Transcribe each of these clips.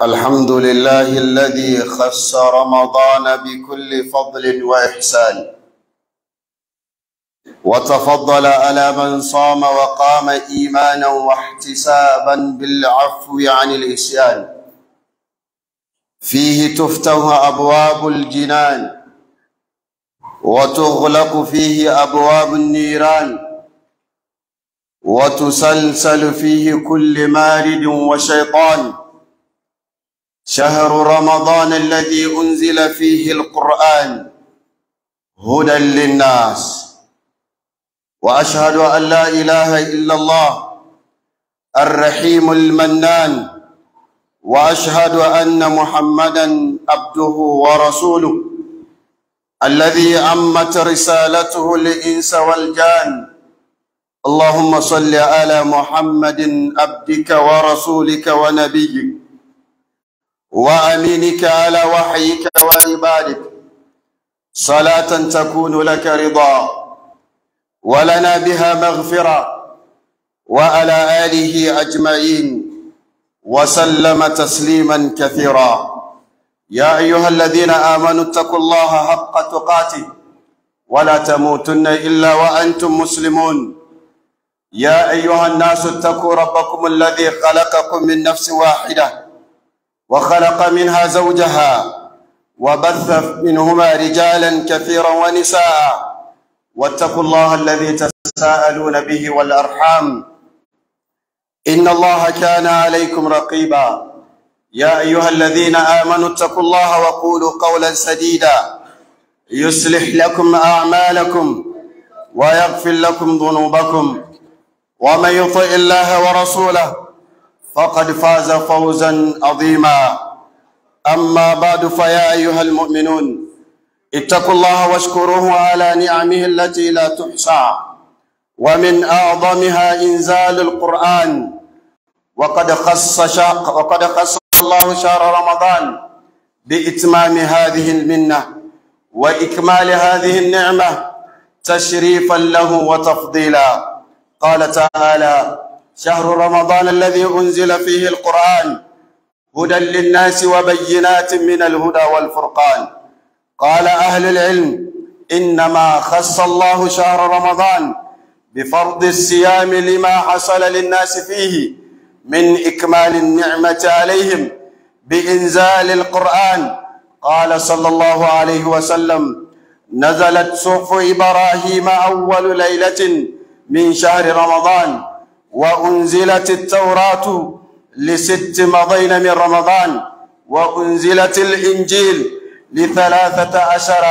الحمد لله الذي خص رمضان بكل فضل وإحسان وتفضل على من صام وقام إيمانا واحتسابا بالعفو عن الإسيان فيه تفتح أبواب الجنان وتغلق فيه أبواب النيران وتسلسل فيه كل مارد وشيطان شهر رمضان الذي أنزل فيه القرآن هدى للناس وأشهد أن لا إله إلا الله الرحيم المنان وأشهد أن محمدا عبده ورسوله الذي عمت رسالته الإنس والجان اللهم صل على محمد عبدك ورسولك ونبيك وأمينك على وحيك وعبادك صلاة تكون لك رضا ولنا بها مغفرة وعلى آله أجمعين وسلم تسليما كثيرا يا أيها الذين آمنوا اتقوا الله حق تقاته ولا تموتن إلا وأنتم مسلمون يا أيها الناس اتقوا ربكم الذي خلقكم من نفس واحده وخلق منها زوجها وبث منهما رجالا كثيرا ونساء واتقوا الله الذي تساءلون به والارحام ان الله كان عليكم رقيبا يا ايها الذين امنوا اتقوا الله وقولوا قولا سديدا يصلح لكم اعمالكم ويغفر لكم ذنوبكم ومن يطع الله ورسوله فقد فاز فوزا عظيما أما بعد فيا أيها المؤمنون اتقوا الله واشكروه على نعمه التي لا تحصى ومن أعظمها إنزال القرآن وقد خص شاق وقد خص الله شهر رمضان بإتمام هذه المنة وإكمال هذه النعمة تشريفا له وتفضيلا قال تعالى شهر رمضان الذي أنزل فيه القرآن هدى للناس وبينات من الهدى والفرقان قال أهل العلم إنما خص الله شهر رمضان بفرض الصيام لما حصل للناس فيه من إكمال النعمة عليهم بإنزال القرآن قال صلى الله عليه وسلم نزلت صحف إبراهيم أول ليلة من شهر رمضان وأنزلت التوراة لست مضين من رمضان وأنزلت الإنجيل لثلاثة عشر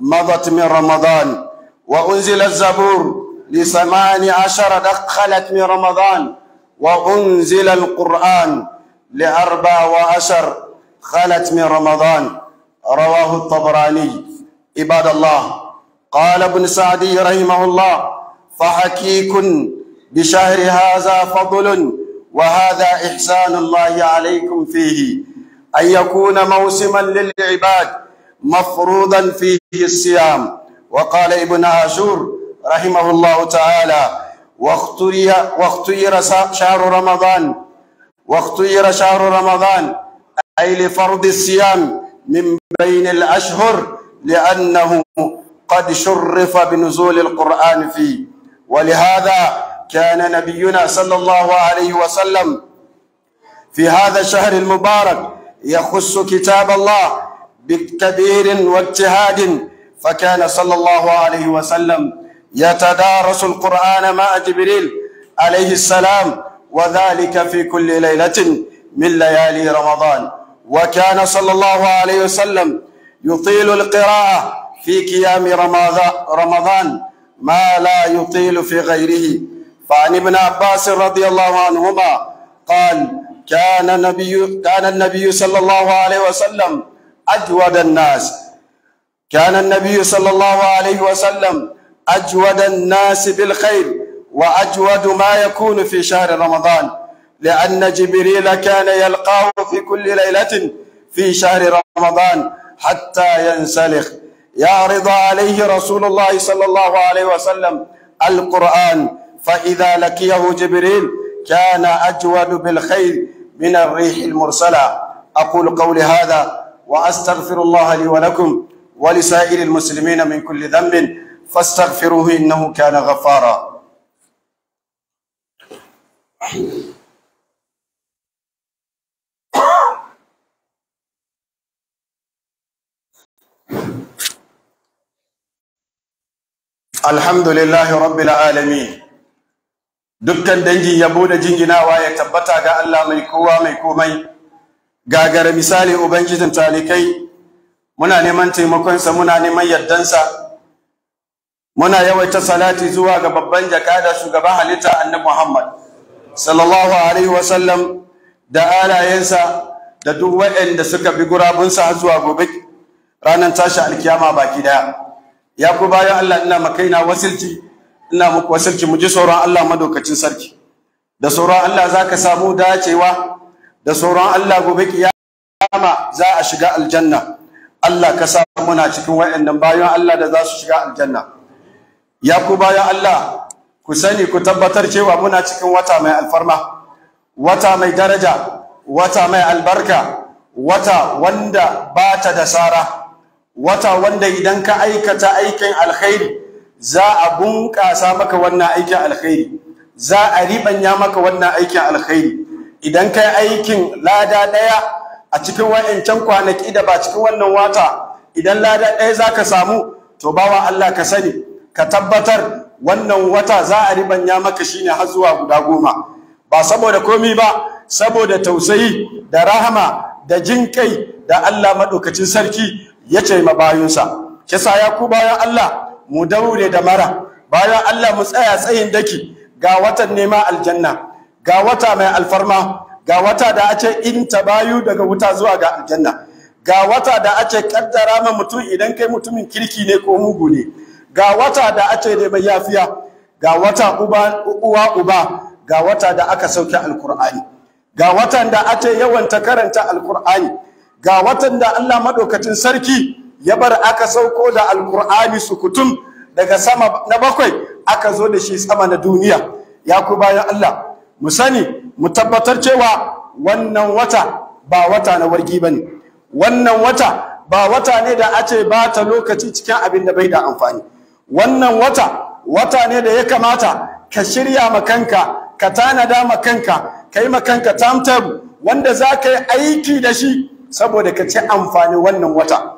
مضت من رمضان وأنزل الزبور لثمان عشر دخلت من رمضان وأنزل القرآن لأربع وعشر خلت من رمضان رواه الطبراني عباد الله قال ابن سعدي رحمه الله فحكيك بشهر هذا فضل وهذا إحسان الله عليكم فيه أن يكون موسما للعباد مفروضا فيه الصيام وقال ابن عاشور رحمه الله تعالى واختير شهر رمضان واختير شهر رمضان أي لفرض الصيام من بين الأشهر لأنه قد شرف بنزول القرآن فيه ولهذا كان نبينا صلى الله عليه وسلم في هذا الشهر المبارك يخص كتاب الله بكبير واجتهاد فكان صلى الله عليه وسلم يتدارس القرآن مع جبريل عليه السلام وذلك في كل ليلة من ليالي رمضان وكان صلى الله عليه وسلم يطيل القراءة في قيام رمضان ما لا يطيل في غيره فعن ابن عباس رضي الله عنهما قال كان النبي كان النبي صلى الله عليه وسلم أجود الناس كان النبي صلى الله عليه وسلم أجود الناس بالخير وأجود ما يكون في شهر رمضان لأن جبريل كان يلقاه في كل ليلة في شهر رمضان حتى ينسلخ يعرض عليه رسول الله صلى الله عليه وسلم القرآن فإذا لقيه جبريل كان أجود بالخير من الريح المرسلة أقول قولي هذا وأستغفر الله لي ولكم ولسائر المسلمين من كل ذنب فاستغفروه إنه كان غفارا الحمد لله رب العالمين dukkan dangin yabo da jinginawa ya tabbata ga Allah mai kowa mai komai gagara misali ubangijin talikai muna neman taimakonsa muna neman yardansa muna yawaita salati zuwa ga babban jakada shugaban halitta annabi Muhammad sallallahu alaihi wasallam da alayensa da duk waɗanda suka bi gurabunsa zuwa gobe ranar tashi alkiyama baki daya ya ku bayan Allah ina makaina wasilci ina muku wasarki mu ji sauran Allah madaukacin sarki da sauran Allah zaka samu dacewa da sauran Allah gobe kiyama za a shiga aljanna Allah ka sa muna cikin wayannan bayan Allah da za su shiga aljanna ya ku bayan Allah ku sani ku tabbatar cewa muna cikin wata mai alfarma wata mai daraja wata mai albarka wata wanda ba ta da sara wata wanda idan ka aikata aikin alkhairi za a bunƙasa maka wannan aikin alkhairi za a riɓanya maka wannan aikin alkhairi idan kai aikin lada ɗaya a cikin wa'ancan kwanaki da ba cikin wannan wata idan lada ɗaya za ka samu to bawa Allah ka sani ka tabbatar wannan wata za a riɓanya maka shine har zuwa guda goma ba saboda komi ba saboda tausayi da rahama da jin kai da Allah maɗaukacin sarki ya ce ma bayunsa kisa ya ku bayan Allah mu daure da mara bayan Allah mu tsaya tsayin daki ga watan nema aljanna ga wata mai alfarma ga wata da ake in tabayu daga wuta zuwa ga aljanna ga wata da ake kaddara ma mutum idan kai mutumin kirki ne ko mugu ne ga wata da ake da mai yafiya ga wata uba uwa uba ga wata da aka sauke alkur'ani ga watan da ake yawan ta karanta alkur'ani ga watan da Allah madaukakin sarki ya bar aka sauko da alkur'ani sukutun daga sama na bakwai aka zo da shi sama na duniya ya ku bayan Allah mu sani mu tabbatar cewa wannan wata ba wata na wargi bane wannan wata ba wata ne da ace ba ta lokaci cikin abin da bai da amfani wannan wata wata ne da ya kamata ka shirya ma kanka ka tanada ma kanka ka yi ma kanka wanda za ka yi aiki da shi saboda ka ci amfani wannan wata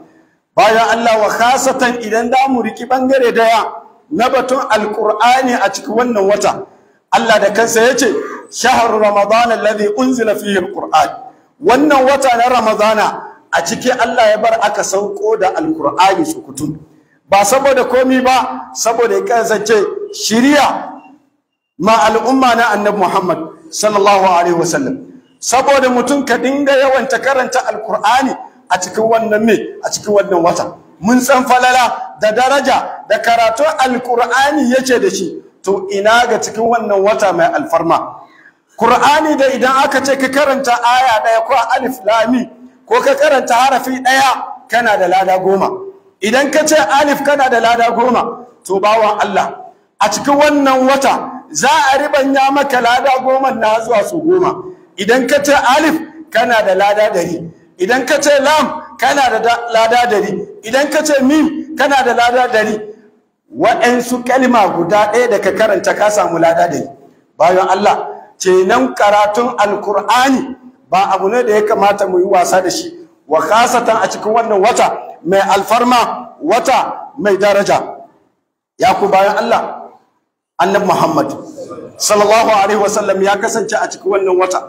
bayan Allah wa khasatan idan da mu riki bangare daya na batun alqur'ani a cikin wannan wata Allah da kansa yace shahru ramadan alladhi unzila fihi alqur'an wannan wata na ramadana a ciki Allah ya bar aka sauko da alqur'ani sukutun ba saboda komi ba saboda ya kasance shiriya ma al'umma na annabi Muhammad sallallahu alaihi wasallam saboda mutum ka dinga yawan ta karanta alqur'ani a cikin wannan me a cikin wannan wata mun san falala da daraja da karatu alkur'ani yace da shi to ina ga cikin wannan wata mai alfarma Qur'ani da idan aka ce ka karanta aya ɗaya ko alif lami ko ka karanta harafi ɗaya kana da lada goma idan ka ce alif kana da lada goma to bawan Allah a cikin wannan wata za a ribanya maka lada goma na zuwa su goma idan ka ce alif kana da lada dari idan ka ce lam kana da lada dari idan ka ce mim kana da lada dari waɗansu kalima guda ɗaya da ka karanta ka samu lada dari bayan Allah nan karatun alkur'ani ba abu ne da ya kamata mu yi wasa da shi wa kasatan a cikin wannan wata mai alfarma wata mai daraja ya ku bayan Allah annabi Muhammad sallallahu alaihi wasallam ya kasance a cikin wannan wata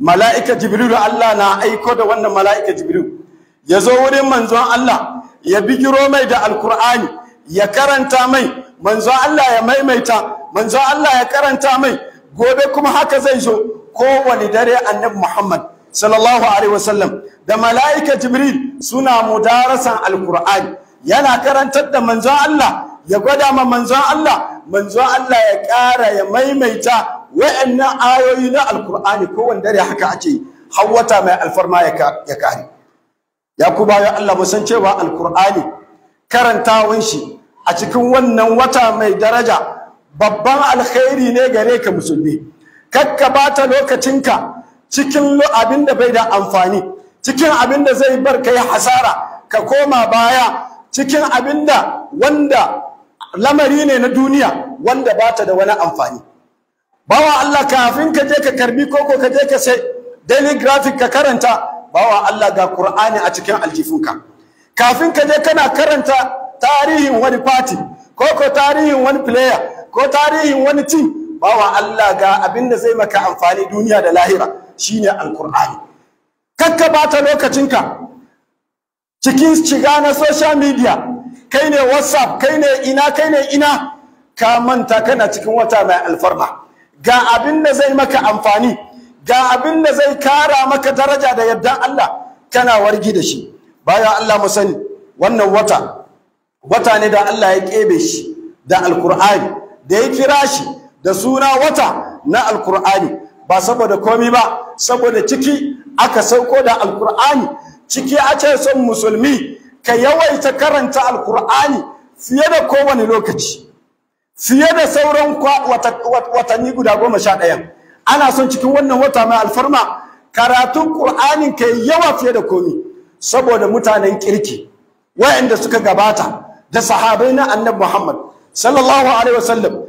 mala'ika jibrilu Allah na aiko da wannan mala'ika jibrilu ya zo wurin manzon Allah ya bigiro mai da alkur'ani ya karanta mai manzon Allah ya maimaita manzon Allah ya karanta mai gobe kuma haka zai zo kowane dare annabi Muhammad sallallahu alaihi wasallam da mala'ika jibril suna mudarasan alkur'ani yana karantar da manzon Allah ya gwada ma manzon Allah manzon Allah ya ƙara ya maimaita wa'annan ayoyi na alkur'ani kowanne dare haka ake har mai alfarma ya kare ya ku Allah mu san cewa alkur'ani karantawan shi a cikin wannan wata mai daraja babban alkhairi ne gare ka musulmi kakka bata lokacinka cikin abin da bai da amfani cikin abin da zai bar kai hasara ka koma baya cikin abin da wanda lamari ne na duniya wanda bata da wani amfani bawa Allah kafin ka je ka karbi koko ka je ka sai daily graphic ka karanta bawa Allah ga Qur'ani a cikin aljifinka kafin ka je kana karanta tarihin wani party koko tarihin wani player ko tarihin wani team bawa Allah ga abin da zai maka amfani duniya da lahira shine alqur'ani kakka bata lokacinka cikin shiga na social media kai ne whatsapp kai ne ina kai ne ina ka manta kana cikin wata mai alfarma ga abin da zai maka amfani ga abin da zai kara maka daraja da yadda Allah kana wargi da shi baya Allah mu sani wannan wata wata ne da Allah ya kebe shi da alkur'ani da ya kira shi da suna wata na alkur'ani ba saboda komi ba saboda ciki aka sauko da alkur'ani ciki a ce son musulmi ka yawaita karanta alkur'ani fiye da kowane lokaci fiye da sauran watanni guda goma sha ɗaya ana son cikin wannan wata mai alfarma karatun ƙur'anin ka yawa fiye da komi saboda mutanen kirki wayanda suka gabata da sahabai na annabi muhammad sallallahu alaihi wasallam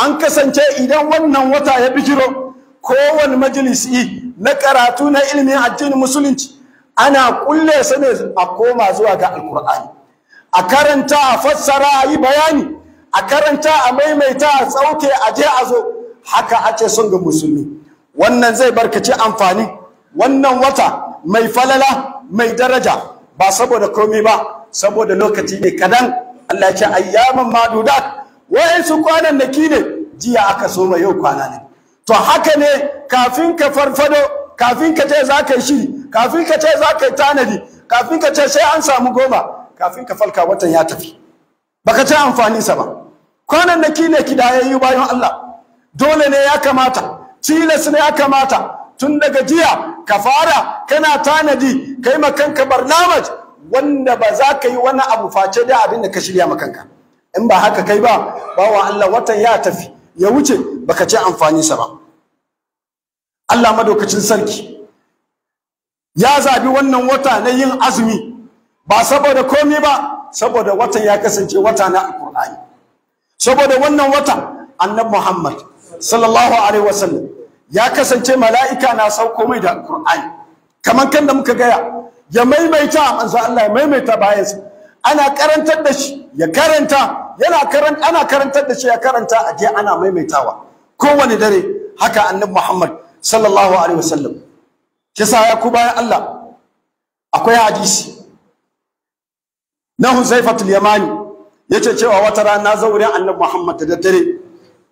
an kasance idan wannan wata ya bijiro kowane majalisi na karatu na ilimin addinin musulunci ana kulle sa a koma zuwa ga alkur'ani a karanta a fassara a yi bayani a karanta a maimaita a tsauke a je a zo haka ake son ga musulmi wannan zai barkaci amfani wannan wata mai falala mai daraja ba saboda komai ba saboda lokaci ne kadan Allah ya ce ayyaman madudat wayansu kwanan naki ne jiya aka soma yau kwana ne to haka ne kafin ka farfado kafin ka ce za yi shiri kafin ka ce za yi tanadi kafin ka ce sai an samu goma kafin ka falka watan ya tafi baka ci amfaninsa ba Kwanan da kwanannaki ne kidayayyu bayan Allah dole ne ya kamata tilas ne ya kamata tun daga jiya ka fara kana tanadi kai makanka barnamaj wanda ba za ka yi wani abu face da abin da ka shirya makanka in ba haka kai ba bawa Allah watan ya tafi ya wuce baka ci amfani sa ba Allah madaukacin sarki ya zabi wannan wata na yin azumi ba saboda komai ba saboda watan ya kasance wata na alkur'ani saboda wannan watan annabi Muhammad sallallahu alaihi wasallam ya kasance mala'ika na sauko mai da Qur'ani kamar kan da muka gaya ya maimaita manzo Allah ya maimaita bayansa ana karantar da shi ya karanta yana karanta ana karantar da shi ya karanta a je ana maimaitawa kowane dare haka annabi Muhammad sallallahu alaihi wasallam kisa ya ku bayan Allah akwai hadisi na Huzaifat yamani yace cewa wata rana na zo wurin annabi Muhammad da daddare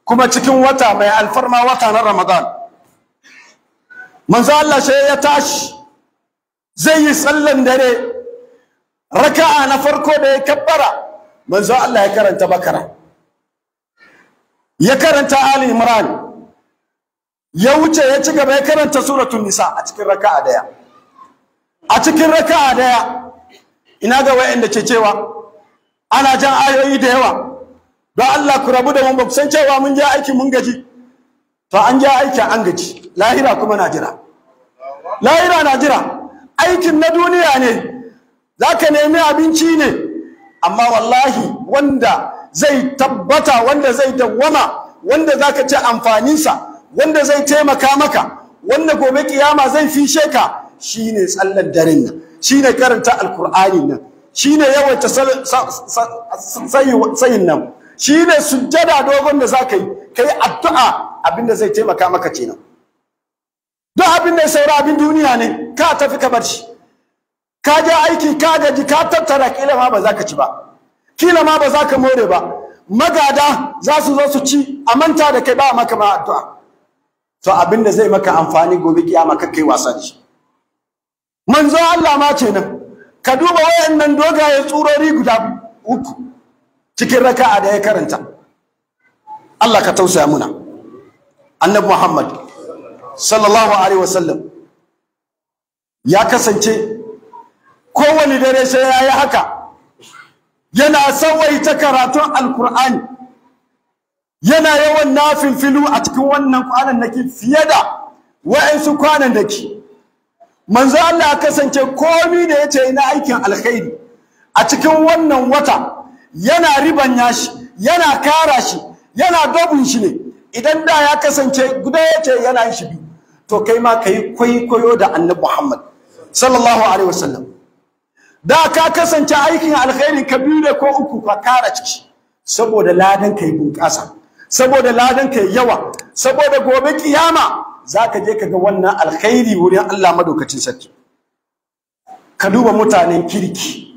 kuma cikin wata mai alfarma wata na Ramadan manzo Allah sai ya tashi zai yi sallan dare raka'a na farko da ya kabbara manzo Allah ya karanta bakara ya karanta ali imran ya wuce ya ci gaba ya karanta suratul nisa a cikin raka'a daya a cikin raka'a daya ina ga wayanda ke cewa ana jan ayoyi da yawa don Allah ku rabu da mu ba san cewa mun je aiki mun gaji to an je aiki an gaji lahira kuma na jira lahira na jira aikin na duniya ne zaka nemi abinci ne amma wallahi wanda zai tabbata wanda zai dawwama wanda zaka ci amfaninsa wanda zai taimaka maka wanda gobe kiyama zai fishe ka shine tsallan daren nan shine karanta alkur'ani nan shine yawaita tsayin nan Shi su sujjada dogon da za ka yi yi addu'a abinda zai taimaka maka ce nan abin da ya saura abin duniya ne ka tafi ka shi ka je aiki ka gaji ka tattara kila ma ba za ka ci ba kila ma ba za ka more ba magada za su zo su ci a manta da kai ba maka ma addu'a to abin da zai maka amfani gobe kiyama ka kai wasa ne. manzo Allah ma kenan ka duba wayannan dogaye tsurori guda uku cikin raka'a da ya karanta Allah ka tausaya muna annabi Muhammad sallallahu alaihi wasallam ya kasance kowane dare sai ya yi haka yana sawaita karatun alkur'ani yana yawan filu a cikin wannan kwanan nake fiye da wa'ansu kwanan daki manzo Allah ya kasance komai da yace ina aikin alkhairi a cikin wannan wata yana riban yashi, yana kara shi yana dobin shi ne idan da ya kasance guda yace yana yin shi biyu to kai ma kai kwaikwayo da annabi Muhammad sallallahu alaihi wasallam da ka kasance aikin alkhairi ka biyu da ko uku ka kara ciki saboda ladan kai bunƙasa saboda ladan kai yawa saboda gobe kiyama zaka je ka ga wannan alkhairi wurin Allah madaukacin sarki ka duba mutanen kirki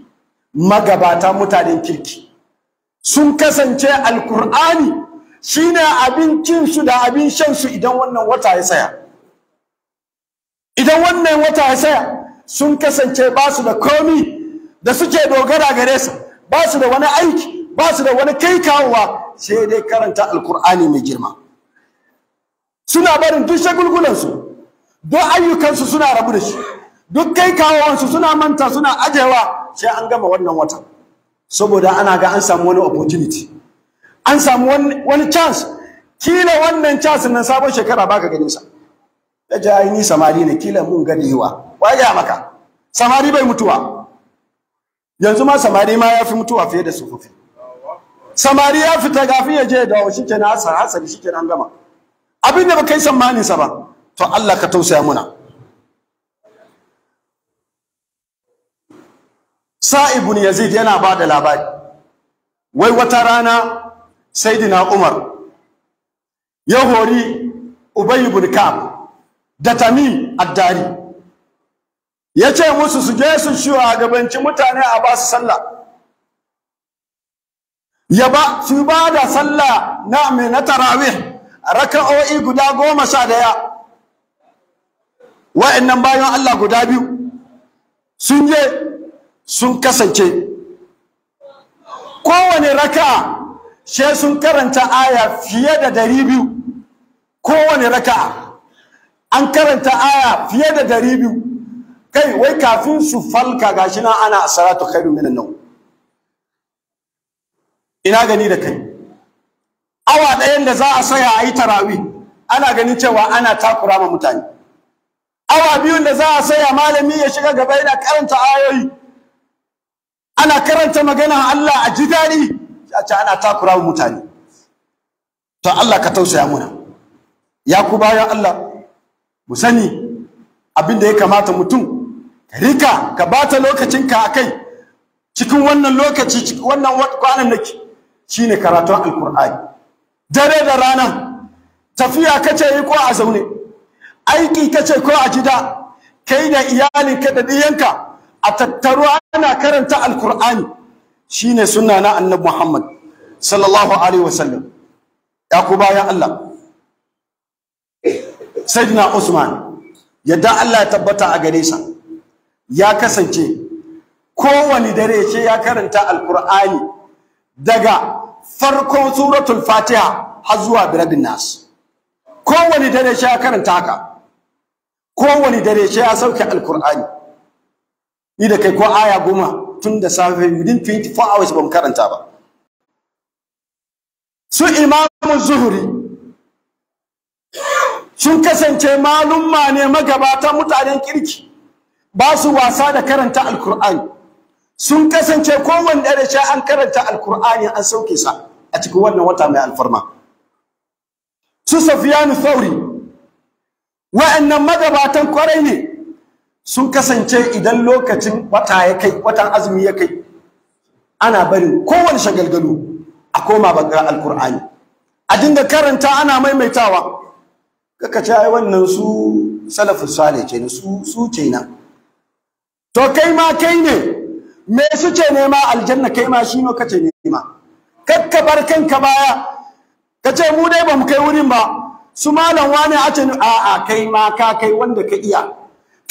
magabata mutanen kirki sun kasance alkur'ani shine su da abin shansu idan wannan wata ya saya idan wannan wata ya saya sun kasance ba su da komi da suke dogara gare su ba su da wani aiki ba su da wani kai kawowa sai dai karanta alkur'ani mai girma suna barin duk shagulgulansu duk ayyukansu suna rabu da shi duk kai kawowansu suna manta suna ajewa sai an gama wannan wata saboda ana ga an samu wani opportunity an samu wani chance kila wannan chance na sabon shekara baka ganin sa da jayi ni samari ne kila mun ga Wa waje maka samari bai mutuwa yanzu ma samari ma ya fi mutuwa fiye da sufufi samari ya fita gafin ya je da dawo shikenan hasar shi kenan gama abin da ba kai tsammaninsa ba to Allah ka tausaya muna sa'ibun yazid yana ba da labari wai wata rana saidina umar ya hori ubay ibn da tamim addari ya ce musu su je su shugabanci mutane a ba su sallah ya ba su ba da sallah na mai na tarawih raka'o'i guda goma sha daya wa'annan bayan Allah guda biyu sun je sun kasance kowane raka'a she sun karanta aya fiye da dari biyu kowane raka'a an karanta aya fiye da dari biyu kai wai kafin su falka gashi na ana asaratu khairu minan nau ina gani da kai awa ɗayan da za a saya a yi tarawi ana ganin cewa ana takura ma mutane awa biyun da za a saya malami ya shiga gaba yana karanta ayoyi ana karanta magana Allah a ji daɗi a ce ana takura ma mutane to Allah ka tausaya muna ya ku bayan Allah mu sani abin da ya kamata mutum ka rika ka bata lokacinka a kai cikin wannan lokaci wannan kwanan nake shine karatun alkur'ani dare da rana tafiya kace yi ko a zaune aiki kace ko a gida kai da iyalinka da ɗiyanka a tattaruwa ana karanta alkur'ani shine sunna na annabi muhammad sallallahu alaihi wasallam ya ku bayan allah sayyidina usman yadda allah ya tabbata a gare sa ya kasance kowane dare ce ya karanta alkur'ani daga farkon suratul fatiha har zuwa biradin nas kowane dare shi ya karanta haka kowane dare shi ya sauke alkur'ani ni da kai ko aya goma tun da safe within 24 hours ban karanta ba su imamu zuhuri sun kasance malumma ne magabatan mutanen kirki ba su wasa da karanta alkur'ani sun kasance kowanne da sha an karanta alkur'ani an sauke sa a cikin wannan wata mai alfarma su safiyanu thauri wa'annan magabatan kwarai ne sun kasance idan lokacin wata ya kai watan azumi ya kai ana barin kowane shagalgalu a koma ga alkur'ani a dinga karanta ana maimaitawa kaka ce ai wannan su salafus salih ce su su ce na to kai ma kai ne me suke nema aljanna kai ma shi kace nema kakka bar kanka baya kace mu dai bamu kai wurin ba su malam wani a ce a a kai ma ka kai wanda ka iya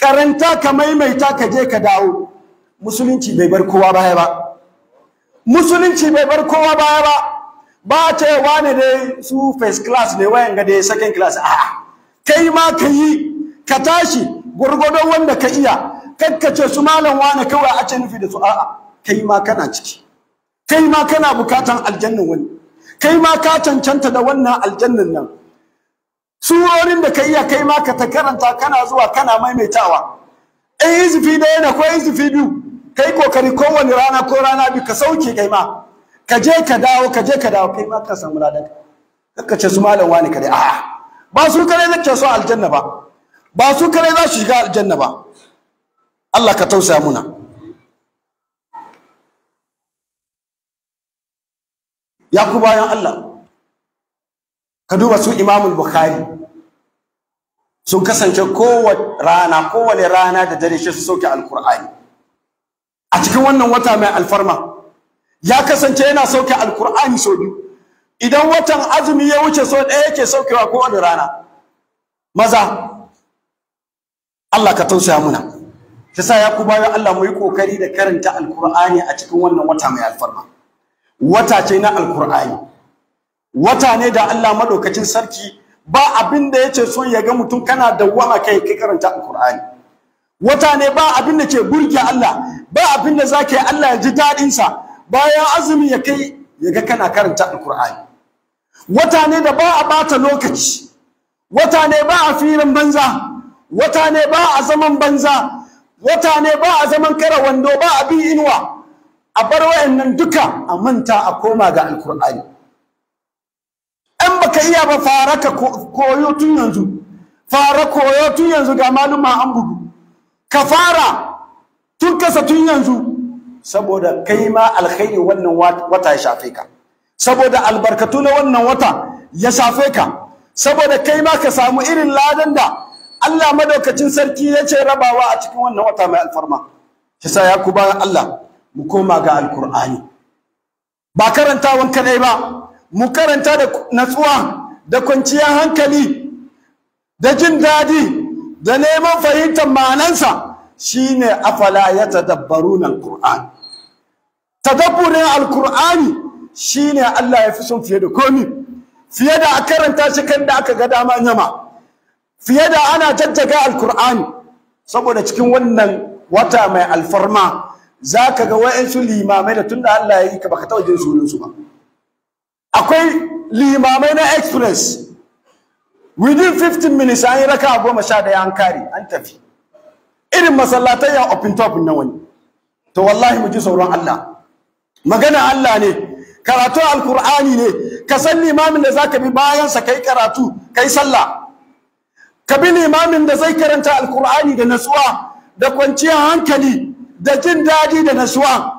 karanta ka maimaita ka je ka dawo musulunci bai bar kowa baya ba musulunci bai bar kowa baya ba ba ce wani dai su first class ne wayan ga dai second class a kai ma ka yi ka tashi gurgudon wanda ka iya kakkace su malam wane kawai a ce nufi da su a'a kai ma kana ciki kai ma kana bukatan aljannan wani kai ma ka cancanta da wannan aljannan nan surorin da ka iya kai ma ka ta karanta kana zuwa kana maimaitawa in izifi da yana ko izifi biyu kai kokari kowane rana ko rana biyu ka sauke kai ma ka je ka dawo ka je ka dawo kai ma ka samu ladan kakkace su malam wane kare a'a ba su kare zai ce su aljanna ba ba su kare za su shiga aljanna ba Allah ka tausa muna ya ku bayan Allah ka duba su imamul bukhari sun kasance kowace rana kowane rana da dare shi su soke Al-Qur'ani. a cikin wannan wata mai alfarma ya kasance yana sauke qurani sau biyu idan watan azumi ya wuce sau ɗaya yake saukewa kowane rana maza Allah ka tausaya muna Tasa ya ku bayan Allah mu yi kokari da karanta alkur'ani a cikin wannan wata mai alfarma wata ce na alkur'ani wata ne da Allah madaukakin sarki ba abin da yace son ya ga mutum kana da wama kai kai karanta alkur'ani wata ne ba abin da ke burge Allah ba abin da zaka Allah ya ji dadin sa bayan azumi ya kai ya ga kana karanta alkur'ani wata ne da ba a bata lokaci wata ne ba a firin banza wata ne ba a zaman banza wata ne ba a zaman kara wando ba a bin inuwa a bar wayannan duka a manta a koma ga alkur'ani an baka iya ba fara ka koyo tun yanzu fara koyo tun yanzu ga maluma an bugu ka fara tun kasa tun yanzu saboda kai ma alkhairi wannan wata ya shafe ka saboda albarkatu na wannan wata ya shafe ka saboda kai ma ka samu irin ladan da Allah madaukacin sarki ya ce rabawa a cikin wannan wata mai alfarma shi ya ku bayan Allah mu koma ga alkur'ani ba karantawan kadai ba mu karanta da natsuwa da kwanciyar hankali da jin daɗi da neman fahimtar ma'anansa shine afala ya tadabbaruna alkur'ani tadabburin alkur'ani shine Allah ya fi son fiye da komi fiye da a karanta shi kan da aka ga dama yama fiye da ana jajjaga alkur'ani saboda cikin wannan wata mai alfarma za ka ga wa'insu limamai da tun da Allah ya yi ka baka taɓa jin sunansu ba akwai limamai na express within 15 minutes an yi raka goma sha daya an kare an tafi irin masallatai ya open top na wani to wallahi mu ji sauran Allah magana Allah ne karatu alkur'ani ne ka san limamin da za ka bi bayan sa kai karatu kai sallah ka bi limamin da zai karanta alkur'ani da natsuwa da kwanciyar hankali da jin daɗi da natsuwa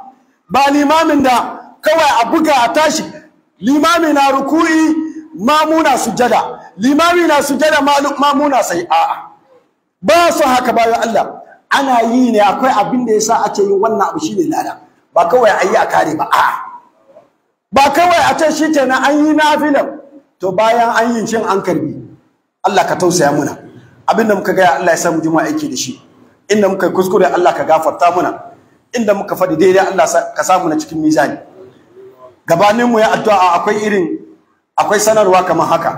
ba limamin da kawai a buga a tashi limami na ruku'i mamuna sujada limami na sujada mamuna sai a'a ba su haka bayan Allah ana yi ne akwai abin da yasa ake yi wannan abu shi ne lada ba kawai ayi a kare ba a'a ba kawai a ce shi na an yi na filin to bayan an yi shin an karbi Allah ka tausaya muna abinda muka gaya Allah ya mu juma'a yake da shi inda muka yi kuskure Allah ka gafarta muna inda muka faɗi daidai Allah ka samu na cikin mizani gabaninmu ya addu'a akwai irin akwai sanarwa kamar haka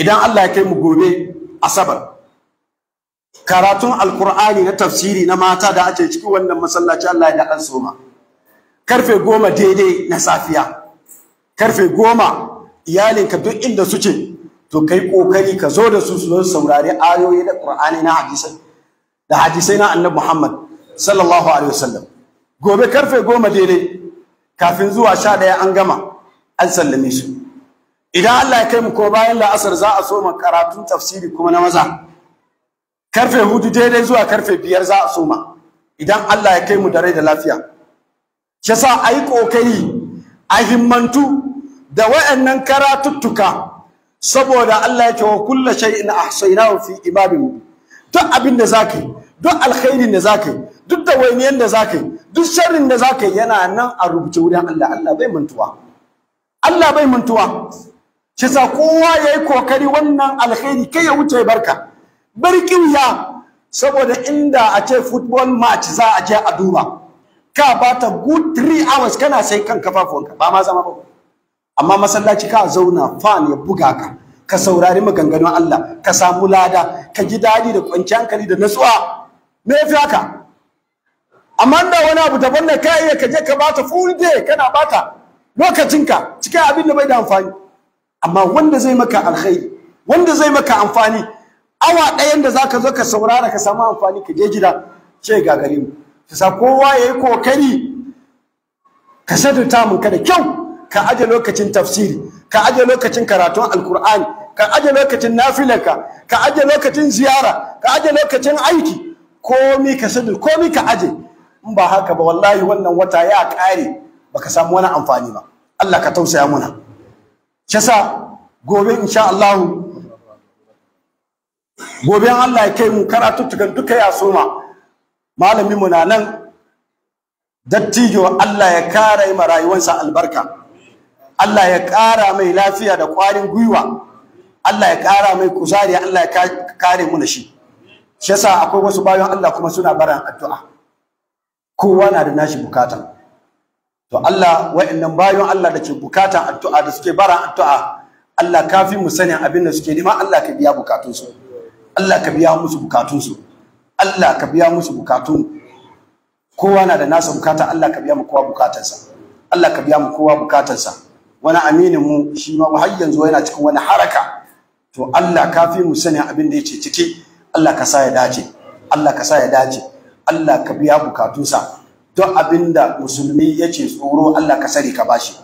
idan Allah ya kai mu gobe asabar karatun alkur'ani na tafsiri na mata da ake cikin wannan masallaci Allah ya an soma karfe goma daidai na safiya karfe goma iyalinka duk inda suke to kai kokari ka zo da su su zo saurari ayoyi na Qur'ani na hadisai da hadisai na Annabi Muhammad sallallahu alaihi wasallam gobe karfe goma daidai kafin zuwa sha ɗaya an gama an sallame su idan Allah ya kai mu ko bayan la'asar za a soma karatun tafsiri kuma na maza karfe hudu daidai zuwa karfe biyar za a soma idan Allah ya kai mu da rai da lafiya shi yasa a yi ƙoƙari a himmantu da waɗannan karatuttuka saboda Allah ya yake wa kullu shay'in ahsaynahu fi imamin duk abin da zaka yi duk alkhairin da zaka yi duk wayniyan da zaka duk sharrin da zaka yana nan a rubuce wurin Allah Allah bai mantuwa Allah bai mantuwa shi sa kowa yayi kokari wannan alkhairi kai ya wuce barka barkin ya saboda inda a ce football match za a je a duba ka bata good 3 hours kana sai kan kafafuwanka ba ma zama ba amma masallaci ka zauna fan ya buga ka ka saurari maganganun Allah ka samu lada ka ji daɗi da kwanciyar hankali da natsuwa me yafi haka amma da wani abu daban da ka iya ka je ka bata full day kana bata lokacinka cikin abin da bai da amfani amma wanda zai maka alkhairi wanda zai maka amfani awa ɗayan da zaka zo ka saurara ka samu amfani ka je gida ce ga gare mu kowa yayi kokari ka ta mun ka da kyau ka aje lokacin tafsiri ka aje lokacin karatun alkur'ani ka aje lokacin nafilanka ka aje lokacin ziyara ka aje lokacin aiki komi ka sadu komi ka aje in ba haka ba wallahi wannan wata ya kare baka samu wani amfani ba Allah ka tausaya muna kisa gobe insha Allah gobe Allah ya kai mu karatuttukan duka ya soma malamin mu na nan dattijo Allah ya kare ma rayuwarsa albarka Allah ya ƙara mai lafiya da ƙwarin gwiwa Allah ya ƙara mai kuzari Allah ya kare mu da shi shi yasa akwai wasu bayan Allah kuma suna baran addu'a kowa na da nashi bukatan to Allah wa'annan bayan Allah da ke bukatan addu'a da suke baran addu'a Allah fi mu sanin abin da suke nema Allah ka biya bukatunsu Allah ka biya musu bukatunsu Allah ka biya musu bukatun kowa na da nasa bukata Allah ka biya mu kowa bukatansa. Allah ka biya mu kowa bukatansa. wani aminin mu shi ma har yanzu yana cikin wani haraka to Allah ka fi mu sani abin da yake ciki Allah ka sa ya dace Allah ka sa ya dace Allah ka biya bukatunsa don abin da musulmi yace tsoro Allah ka sari ka bashi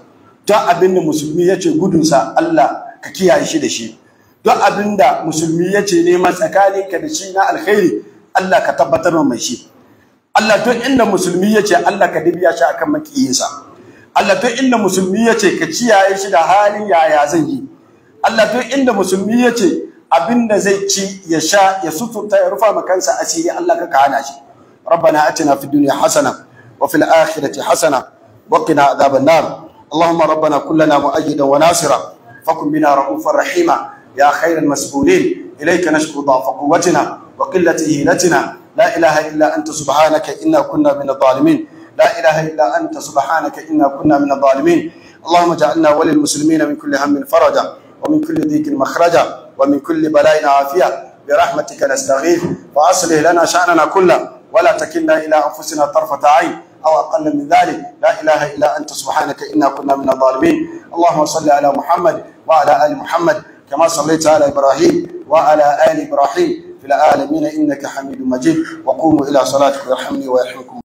don abin da musulmi yace gudunsa Allah ka kiyaye shi da shi don abin da musulmi yace neman tsakaninka da shi na alkhairi Allah ka tabbatar mai shi Allah duk inda musulmi yace Allah ka dibiya shi akan makiyinsa Allah duk inda musulmi ya ce ka ciyaye shi da halin yaya zan yi Allah duk inda musulmi ya ce abinda zai ci ya sha ya suturta ya rufa makansa asiri Allah ka hana shi ربنا اتنا في الدنيا حسنه وفي الاخره حسنه وقنا عذاب النار اللهم ربنا كلنا مؤيدا وناصرا فكن بنا رؤوفا رحيما يا خير المسؤولين اليك نشكو ضعف قوتنا وقله هيلتنا لا اله الا انت سبحانك انا كنا من الظالمين لا إله إلا أنت سبحانك إنا كنا من الظالمين اللهم اجعلنا وللمسلمين من كل هم فرجا ومن كل ضيق مخرجا ومن كل بلاء عافية برحمتك نستغيث وأصلح لنا شأننا كله ولا تكلنا إلى أنفسنا طرفة عين أو أقل من ذلك لا إله إلا أنت سبحانك إنا كنا من الظالمين اللهم صل على محمد وعلى آل محمد كما صليت على إبراهيم وعلى آل إبراهيم في العالمين إنك حميد مجيد وقوموا إلى صلاتكم يرحمني ويرحمكم